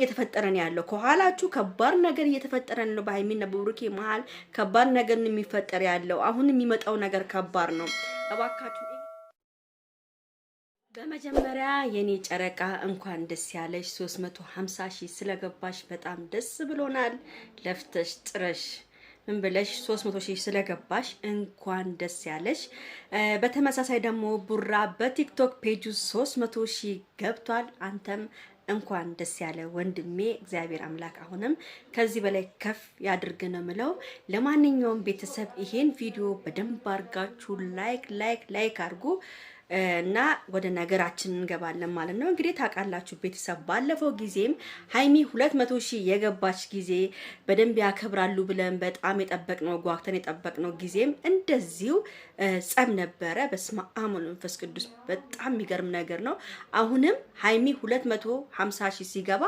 እየተፈጠረ ነው ያለው። ከኋላችሁ ከባድ ነገር እየተፈጠረ ነው። በሀይሚና በብሩኬ መሀል ከባድ ነገር ነው የሚፈጠር ያለው። አሁን የሚመጣው ነገር ከባድ ነው። እባካችሁ በመጀመሪያ የኔ ጨረቃ እንኳን ደስ ያለሽ። 350 ሺህ ስለገባሽ በጣም ደስ ብሎናል። ለፍተሽ ጥረሽ ምን ብለሽ 300 ሺህ ስለገባሽ እንኳን ደስ ያለሽ። በተመሳሳይ ደግሞ ቡራ በቲክቶክ ፔጁ 300 ሺህ ገብቷል። አንተም እንኳን ደስ ያለ ወንድሜ። እግዚአብሔር አምላክ አሁንም ከዚህ በላይ ከፍ ያድርግ ነው ምለው። ለማንኛውም ቤተሰብ ይሄን ቪዲዮ በደንብ አድርጋችሁ ላይክ ላይክ ላይክ አድርጉ። እና ወደ ነገራችን እንገባለን ማለት ነው። እንግዲህ ታውቃላችሁ ቤተሰብ ባለፈው ጊዜም ሀይሚ ሁለት መቶ ሺህ የገባች ጊዜ በደንብ ያከብራሉ ብለን በጣም የጠበቅነው ጓግተን የጠበቅነው ጊዜም እንደዚሁ ጸብ ነበረ። በስመ አብ መንፈስ ቅዱስ በጣም የሚገርም ነገር ነው። አሁንም ሀይሚ ሁለት መቶ ሀምሳ ሺህ ሲገባ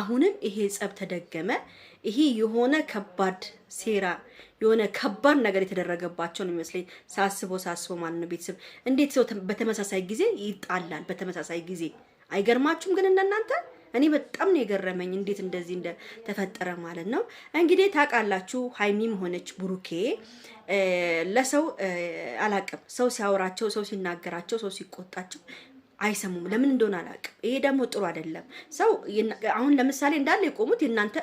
አሁንም ይሄ ጸብ ተደገመ። ይሄ የሆነ ከባድ ሴራ የሆነ ከባድ ነገር የተደረገባቸው ነው የሚመስለኝ። ሳስቦ ሳስቦ ማለት ነው ቤተሰብ እንዴት ሰው በተመሳሳይ ጊዜ ይጣላል? በተመሳሳይ ጊዜ አይገርማችሁም? ግን እንደናንተ እኔ በጣም ነው የገረመኝ እንዴት እንደዚህ እንደተፈጠረ ማለት ነው። እንግዲህ ታውቃላችሁ ሀይሚም ሆነች ብሩኬ ለሰው አላቅም፣ ሰው ሲያወራቸው፣ ሰው ሲናገራቸው፣ ሰው ሲቆጣቸው አይሰሙም። ለምን እንደሆነ አላቅም። ይሄ ደግሞ ጥሩ አይደለም። ሰው አሁን ለምሳሌ እንዳለ የቆሙት የእናንተ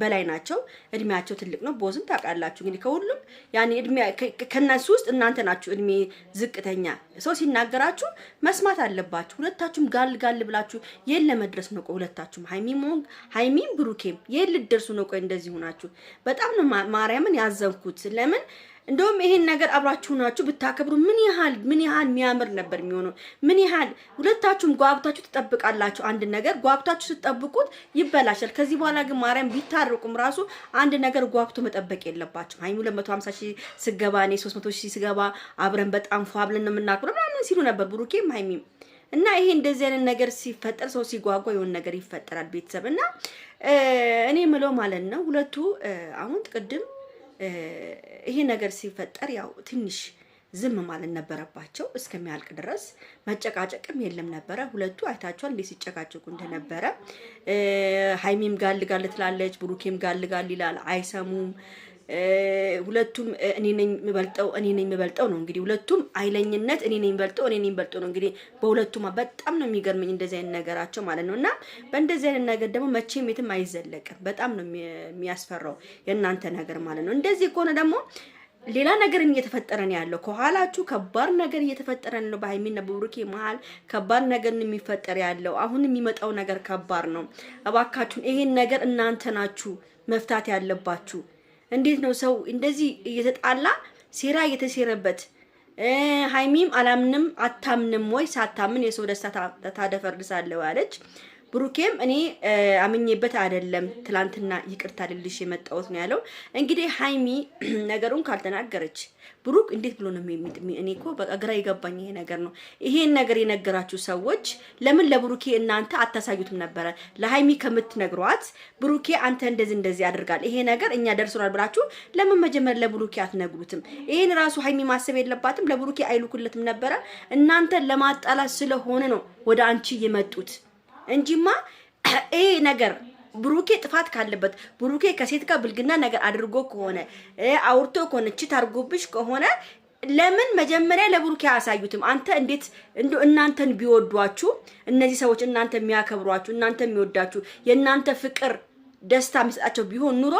በላይ ናቸው። እድሜያቸው ትልቅ ነው። ቦዝም ታውቃላችሁ እንግዲህ ከሁሉም ያኔ እድሜ ከእነሱ ውስጥ እናንተ ናችሁ እድሜ ዝቅተኛ። ሰው ሲናገራችሁ መስማት አለባችሁ። ሁለታችሁም ጋል ጋል ብላችሁ የት ለመድረስ ነው? ቆይ ሁለታችሁም ሀይሚም ሀይሚም ብሩኬም የት ልደርሱ ነው? ቆይ እንደዚህ ሆናችሁ በጣም ነው ማርያምን ያዘንኩት። ለምን እንደውም ይሄን ነገር አብራችሁ ናችሁ ብታከብሩ ምን ያህል ምን ያህል የሚያምር ነበር የሚሆነው። ምን ያህል ሁለታችሁም ጓብታችሁ ትጠብቃላችሁ። አንድ ነገር ጓብታችሁ ስትጠብቁት ይበላሻል። ከዚህ በኋላ ግን ማርያም ቢታረቁም ራሱ አንድ ነገር ጓብቶ መጠበቅ የለባችሁ። ሀይሚ 250 ሺህ ስገባ እኔ 300 ሺህ ስገባ አብረን በጣም ፏ ብለን ነው የምናክብረው ምናምን ሲሉ ነበር ብሩኬም ሀይሚም እና ይሄ እንደዚህ አይነት ነገር ሲፈጠር ሰው ሲጓጓ የሆነ ነገር ይፈጠራል። ቤተሰብ እና እኔ ምለው ማለት ነው ሁለቱ አሁን ቅድም ይሄ ነገር ሲፈጠር ያው ትንሽ ዝም ማለት ነበረባቸው። እስከሚያልቅ ድረስ መጨቃጨቅም የለም ነበረ። ሁለቱ አይታቸዋል እንዴ ሲጨቃጨቁ እንደነበረ። ሀይሚም ጋልጋል ትላለች፣ ብሩኬም ጋልጋል ይላል፣ አይሰሙም። ሁለቱም እኔ ነኝ የምበልጠው እኔ ነኝ የምበልጠው ነው እንግዲህ ሁለቱም አይለኝነት እኔ ነኝ የምበልጠው እኔ ነኝ የምበልጠው ነው እንግዲህ በሁለቱም በጣም ነው የሚገርመኝ እንደዚህ አይነት ነገራቸው ማለት ነው። እና በእንደዚህ አይነት ነገር ደግሞ መቼም የትም አይዘለቅም። በጣም ነው የሚያስፈራው የእናንተ ነገር ማለት ነው። እንደዚህ ከሆነ ደግሞ ሌላ ነገር እየተፈጠረ ነው ያለው። ከኋላችሁ ከባድ ነገር እየተፈጠረ ነው። በሀይሚና በብሩኬ መሀል ከባድ ነገር የሚፈጠር ያለው አሁን የሚመጣው ነገር ከባድ ነው። እባካችሁን ይሄን ነገር እናንተ ናችሁ መፍታት ያለባችሁ። እንዴት ነው ሰው እንደዚህ እየተጣላ ሴራ እየተሴረበት ሀይሚም አላምንም አታምንም ወይ ሳታምን የሰው ደስታ ታደፈርድሳለሁ አለች። ብሩኬም እኔ አምኜበት አይደለም ትላንትና ይቅርታ ልልሽ የመጣሁት ነው ያለው። እንግዲህ ሀይሚ ነገሩን ካልተናገረች ብሩክ እንዴት ብሎ ነው እኔ እኮ በቃ የገባኝ ይሄ ነገር ነው። ይሄን ነገር የነገራችሁ ሰዎች ለምን ለብሩኬ እናንተ አታሳዩትም ነበረ? ለሀይሚ ከምትነግሯት ብሩኬ አንተ እንደዚህ እንደዚህ ያደርጋል ይሄ ነገር እኛ ደርሶናል ብላችሁ ለምን መጀመር ለብሩኬ አትነግሩትም? ይሄን ራሱ ሀይሚ ማሰብ የለባትም። ለብሩኬ አይልኩለትም ነበረ። እናንተ ለማጣላት ስለሆነ ነው ወደ አንቺ የመጡት። እንጂማ ይሄ ነገር ብሩኬ ጥፋት ካለበት ብሩኬ ከሴት ጋር ብልግና ነገር አድርጎ ከሆነ አውርቶ ከሆነ ችት አድርጎብሽ ከሆነ ለምን መጀመሪያ ለብሩኬ አያሳዩትም? አንተ እንዴት እንዶ እናንተን ቢወዷችሁ እነዚህ ሰዎች እናንተ የሚያከብሯችሁ እናንተ የሚወዳችሁ የእናንተ ፍቅር ደስታ የሚሰጣቸው ቢሆን ኑሮ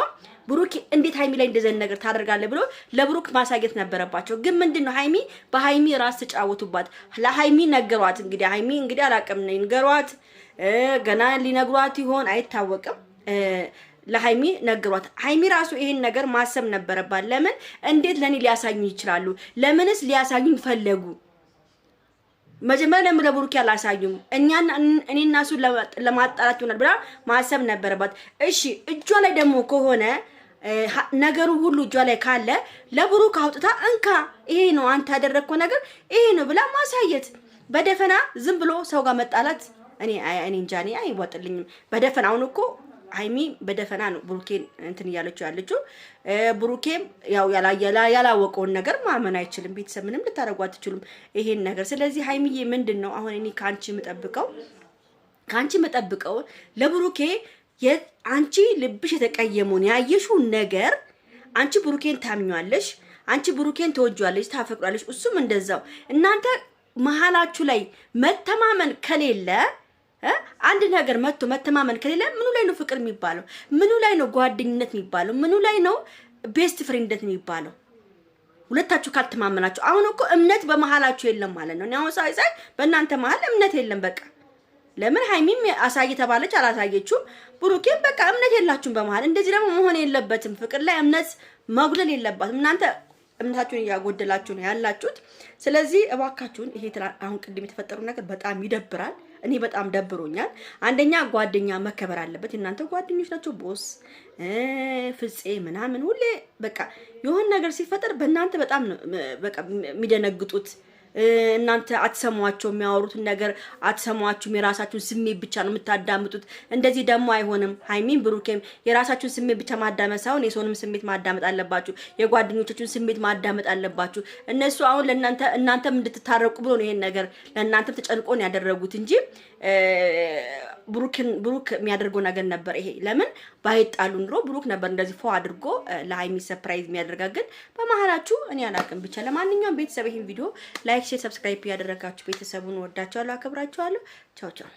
ብሩክ እንዴት ሀይሚ ላይ እንደዘን ነገር ታደርጋለህ ብሎ ለብሩክ ማሳየት ነበረባቸው። ግን ምንድን ነው ሀይሚ በሀይሚ ራስ ተጫወቱባት። ለሀይሚ ነገሯት። እንግዲህ ሀይሚ እንግዲህ አላቅም ነገሯት ገና ሊነግሯት ይሆን አይታወቅም። ለሀይሚ ነግሯት ሀይሚ ራሱ ይሄን ነገር ማሰብ ነበረባት። ለምን እንዴት ለእኔ ሊያሳዩ ይችላሉ? ለምንስ ሊያሳዩኝ ፈለጉ? መጀመሪያ ለምን ለብሩኬ አላሳዩም? እኛ እኔ እና እሱ ለማጣላት ይሆናል ብላ ማሰብ ነበረባት። እሺ እጇ ላይ ደግሞ ከሆነ ነገሩ ሁሉ እጇ ላይ ካለ ለብሩክ አውጥታ እንካ፣ ይሄ ነው አንተ ያደረግከው ነገር ይሄ ነው ብላ ማሳየት፣ በደፈና ዝም ብሎ ሰው ጋር መጣላት እኔ እኔ እንጃ እኔ አይወጥልኝም። በደፈን አሁን እኮ ሀይሚ በደፈና ነው ብሩኬን እንትን እያለችው ያለችው። ብሩኬም ያው ያላወቀውን ነገር ማመን አይችልም። ቤተሰብ ምንም ልታደርጉ አትችሉም ይሄን ነገር። ስለዚህ ሀይሚዬ ምንድን ነው አሁን እኔ ከአንቺ የምጠብቀው ከአንቺ የምጠብቀው ለብሩኬ አንቺ ልብሽ የተቀየመውን ያየሽውን ነገር አንቺ ብሩኬን ታምኟለሽ፣ አንቺ ብሩኬን ተወጇለሽ፣ ታፈቅሯለሽ፣ እሱም እንደዛው እናንተ መሀላችሁ ላይ መተማመን ከሌለ አንድ ነገር መጥቶ መተማመን ከሌለ ምኑ ላይ ነው ፍቅር የሚባለው? ምኑ ላይ ነው ጓደኝነት የሚባለው? ምኑ ላይ ነው ቤስት ፍሬንድነት የሚባለው? ሁለታችሁ ካልተማመናችሁ፣ አሁን እኮ እምነት በመሀላችሁ የለም ማለት ነው። እኔ አሁን ሳይ በእናንተ መሀል እምነት የለም በቃ። ለምን ሀይሚም አሳይ ተባለች አላሳየችውም። ብሩኬም በቃ እምነት የላችሁም በመሀል። እንደዚህ ደግሞ መሆን የለበትም። ፍቅር ላይ እምነት መጉደል የለባትም እናንተ እምነታችሁን እያጎደላችሁ ነው ያላችሁት። ስለዚህ እባካችሁን ይሄ አሁን ቅድም የተፈጠሩ ነገር በጣም ይደብራል። እኔ በጣም ደብሮኛል። አንደኛ ጓደኛ መከበር አለበት። እናንተ ጓደኞች ናቸው። ቦስ ፍፄ ምናምን ሁሌ በቃ የሆን ነገር ሲፈጠር በእናንተ በጣም በቃ የሚደነግጡት እናንተ አትሰሟቸው፣ የሚያወሩትን ነገር አትሰሟችሁም። የራሳችሁን ስሜት ብቻ ነው የምታዳምጡት። እንደዚህ ደግሞ አይሆንም። ሀይሚን ብሩኬም የራሳችሁን ስሜት ብቻ ማዳመጥ ሳይሆን የሰውንም ስሜት ማዳመጥ አለባችሁ። የጓደኞቻችሁን ስሜት ማዳመጥ አለባችሁ። እነሱ አሁን ለእናንተ እናንተም እንድትታረቁ ብሎ ነው ይሄን ነገር ለእናንተም ተጨንቆ ነው ያደረጉት እንጂ ብሩክን ብሩክ የሚያደርገው ነገር ነበር ይሄ። ለምን ባይጣሉ ኑሮ ብሩክ ነበር እንደዚህ ፎ አድርጎ ለሀይሚ ሰፕራይዝ የሚያደርጋ። ግን በመሀላችሁ እኔ አላውቅም። ብቻ ለማንኛውም ቤተሰብ ይህን ቪዲዮ ላይክ፣ ሼር፣ ሰብስክራይብ እያደረጋችሁ ቤተሰቡን ወዳቸዋለሁ፣ አከብራቸዋለሁ። ቻው ቻው።